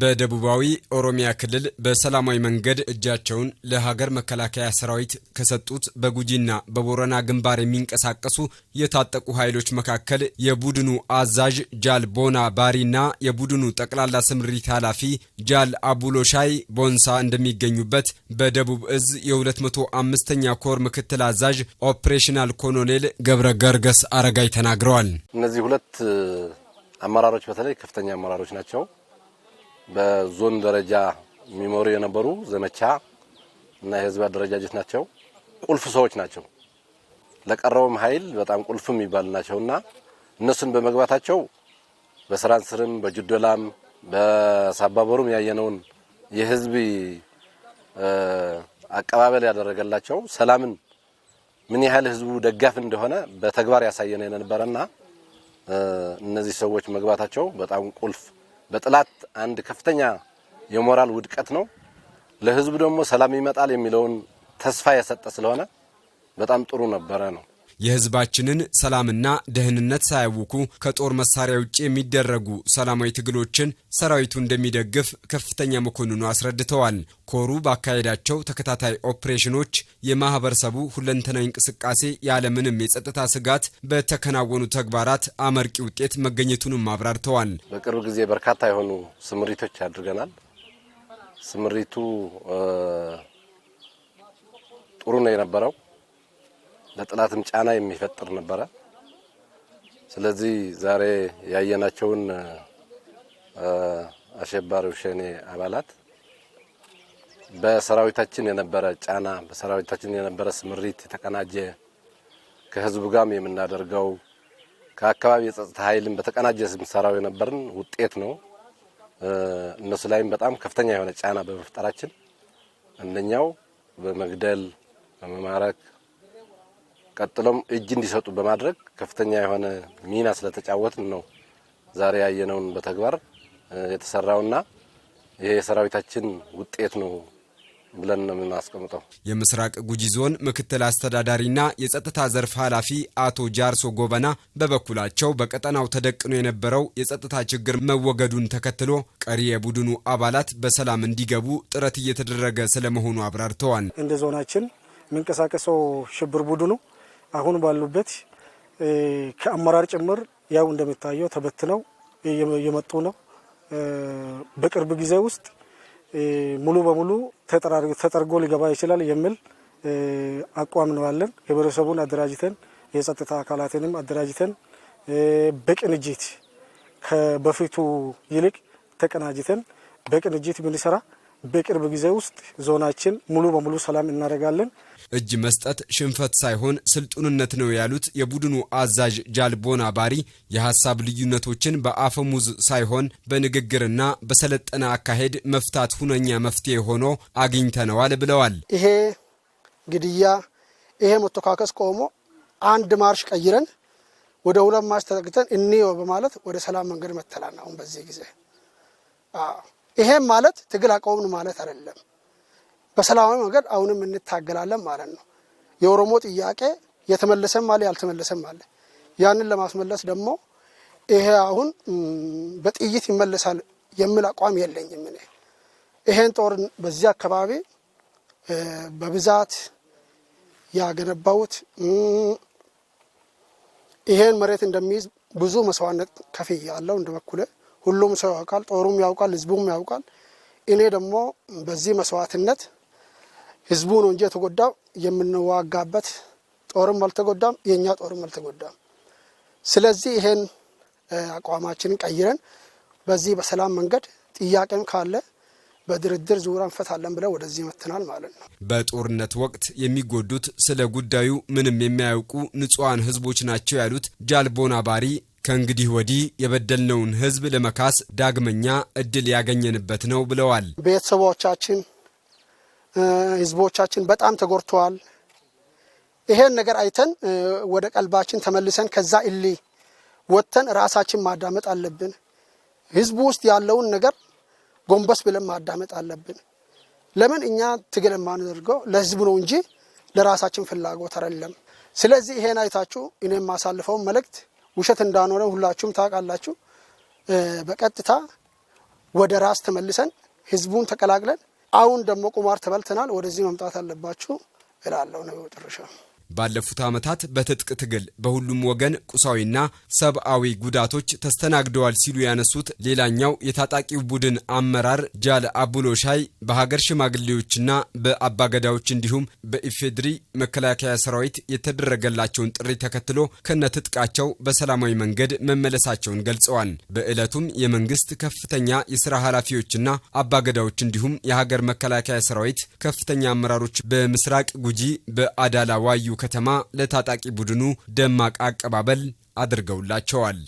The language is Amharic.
በደቡባዊ ኦሮሚያ ክልል በሰላማዊ መንገድ እጃቸውን ለሀገር መከላከያ ሰራዊት ከሰጡት በጉጂና በቦረና ግንባር የሚንቀሳቀሱ የታጠቁ ኃይሎች መካከል የቡድኑ አዛዥ ጃል ቦና ባሪና የቡድኑ ጠቅላላ ስምሪት ኃላፊ ጃል አቡሎሻይ ቦንሳ እንደሚገኙበት በደቡብ እዝ የ205ኛ ኮር ምክትል አዛዥ ኦፕሬሽናል ኮሎኔል ገብረ ገርገስ አረጋይ ተናግረዋል። እነዚህ ሁለት አመራሮች በተለይ ከፍተኛ አመራሮች ናቸው። በዞን ደረጃ የሚመሩ የነበሩ ዘመቻ እና የህዝብ አደረጃጀት ናቸው። ቁልፍ ሰዎች ናቸው። ለቀረውም ኃይል በጣም ቁልፍ የሚባል ናቸውና እነሱን በመግባታቸው በስራንስርም በጅዶላም በሳባበሩም ያየነውን የህዝብ አቀባበል ያደረገላቸው ሰላምን ምን ያህል ህዝቡ ደጋፍ እንደሆነ በተግባር ያሳየነ የነበረና እነዚህ ሰዎች መግባታቸው በጣም ቁልፍ በጥላት አንድ ከፍተኛ የሞራል ውድቀት ነው። ለህዝቡ ደግሞ ሰላም ይመጣል የሚለውን ተስፋ የሰጠ ስለሆነ በጣም ጥሩ ነበረ ነው። የህዝባችንን ሰላምና ደህንነት ሳያውኩ ከጦር መሳሪያ ውጭ የሚደረጉ ሰላማዊ ትግሎችን ሰራዊቱ እንደሚደግፍ ከፍተኛ መኮንኑ አስረድተዋል። ኮሩ ባካሄዳቸው ተከታታይ ኦፕሬሽኖች የማህበረሰቡ ሁለንተናዊ እንቅስቃሴ ያለምንም የጸጥታ ስጋት በተከናወኑ ተግባራት አመርቂ ውጤት መገኘቱንም አብራርተዋል። በቅርብ ጊዜ በርካታ የሆኑ ስምሪቶች አድርገናል። ስምሪቱ ጥሩ ነው የነበረው ለጥላትም ጫና የሚፈጥር ነበረ። ስለዚህ ዛሬ ያየናቸውን አሸባሪው ሸኔ አባላት በሰራዊታችን የነበረ ጫና፣ በሰራዊታችን የነበረ ስምሪት፣ የተቀናጀ ከህዝቡ ጋርም የምናደርገው ከአካባቢ የጸጥታ ኃይልን በተቀናጀ ስምሰራው የነበርን ውጤት ነው። እነሱ ላይም በጣም ከፍተኛ የሆነ ጫና በመፍጠራችን አንደኛው በመግደል በመማረክ ቀጥሎም እጅ እንዲሰጡ በማድረግ ከፍተኛ የሆነ ሚና ስለተጫወትን ነው ዛሬ ያየነውን በተግባር የተሰራውና ይሄ የሰራዊታችን ውጤት ነው ብለን ነው የምናስቀምጠው። የምስራቅ ጉጂ ዞን ምክትል አስተዳዳሪና የጸጥታ ዘርፍ ኃላፊ አቶ ጃርሶ ጎበና በበኩላቸው በቀጠናው ተደቅኖ የነበረው የጸጥታ ችግር መወገዱን ተከትሎ ቀሪ የቡድኑ አባላት በሰላም እንዲገቡ ጥረት እየተደረገ ስለመሆኑ አብራርተዋል። እንደ ዞናችን የሚንቀሳቀሰው ሽብር ቡድኑ አሁን ባሉበት ከአመራር ጭምር ያው እንደሚታየው ተበትነው የመጡ ነው። በቅርብ ጊዜ ውስጥ ሙሉ በሙሉ ተጠርጎ ሊገባ ይችላል የሚል አቋም ነው ያለን። ህብረተሰቡን አደራጅተን የጸጥታ አካላትንም አደራጅተን በቅንጅት ከበፊቱ ይልቅ ተቀናጅተን በቅንጅት ብንሰራ በቅርብ ጊዜ ውስጥ ዞናችን ሙሉ በሙሉ ሰላም እናደርጋለን። እጅ መስጠት ሽንፈት ሳይሆን ስልጡንነት ነው ያሉት የቡድኑ አዛዥ ጃልቦና ባሪ የሀሳብ ልዩነቶችን በአፈሙዝ ሳይሆን በንግግርና በሰለጠነ አካሄድ መፍታት ሁነኛ መፍትሄ ሆኖ አግኝተነዋል ብለዋል። ይሄ ግድያ፣ ይሄ መተካከስ ቆሞ አንድ ማርሽ ቀይረን ወደ ሁለት ማርሽ ተጠግተን እንየው በማለት ወደ ሰላም መንገድ መተላን አሁን በዚህ ጊዜ ይሄም ማለት ትግል አቆምን ማለት አይደለም። በሰላማዊ መንገድ አሁንም እንታገላለን ማለት ነው። የኦሮሞ ጥያቄ የተመለሰም አለ ያልተመለሰም አለ። ያንን ለማስመለስ ደግሞ ይሄ አሁን በጥይት ይመለሳል የሚል አቋም የለኝም እኔ ይሄን ጦር በዚህ አካባቢ በብዛት ያገነባሁት ይሄን መሬት እንደሚይዝ ብዙ መስዋዕነት ከፍዬ ያለው እንደ ሁሉም ሰው ያውቃል፣ ጦሩም ያውቃል፣ ህዝቡም ያውቃል። እኔ ደግሞ በዚህ መስዋዕትነት ህዝቡ ነው እንጂ የተጎዳው የምንዋጋበት ጦርም አልተጎዳም፣ የእኛ ጦርም አልተጎዳም። ስለዚህ ይሄን አቋማችንን ቀይረን በዚህ በሰላም መንገድ ጥያቄም ካለ በድርድር ዙር እንፈታለን ብለን ወደዚህ መትናል ማለት ነው። በጦርነት ወቅት የሚጎዱት ስለ ጉዳዩ ምንም የሚያውቁ ንጹሐን ህዝቦች ናቸው ያሉት ጃልቦና ባሪ ከእንግዲህ ወዲህ የበደልነውን ህዝብ ለመካስ ዳግመኛ እድል ያገኘንበት ነው ብለዋል። ቤተሰቦቻችን ህዝቦቻችን በጣም ተጎድተዋል። ይሄን ነገር አይተን ወደ ቀልባችን ተመልሰን ከዛ እሊ ወጥተን ራሳችን ማዳመጥ አለብን። ህዝቡ ውስጥ ያለውን ነገር ጎንበስ ብለን ማዳመጥ አለብን። ለምን እኛ ትግል የማንደርገው ለህዝቡ ነው እንጂ ለራሳችን ፍላጎት አይደለም። ስለዚህ ይሄን አይታችሁ እኔ የማሳልፈውን መልእክት ውሸት እንዳኖረ ሁላችሁም ታውቃላችሁ። በቀጥታ ወደ ራስ ተመልሰን ህዝቡን ተቀላቅለን አሁን ደግሞ ቁማር ተበልተናል፣ ወደዚህ መምጣት አለባችሁ እላለሁ ነው ጥርሻ ባለፉት ዓመታት በትጥቅ ትግል በሁሉም ወገን ቁሳዊና ሰብአዊ ጉዳቶች ተስተናግደዋል ሲሉ ያነሱት ሌላኛው የታጣቂው ቡድን አመራር ጃል አቡሎ ሻይ በሀገር ሽማግሌዎችና በአባገዳዎች እንዲሁም በኢፌድሪ መከላከያ ሰራዊት የተደረገላቸውን ጥሪ ተከትሎ ከነትጥቃቸው በሰላማዊ መንገድ መመለሳቸውን ገልጸዋል። በዕለቱም የመንግስት ከፍተኛ የስራ ኃላፊዎችና አባገዳዎች እንዲሁም የሀገር መከላከያ ሰራዊት ከፍተኛ አመራሮች በምስራቅ ጉጂ በአዳላ ዋዩ ከተማ ለታጣቂ ቡድኑ ደማቅ አቀባበል አድርገውላቸዋል።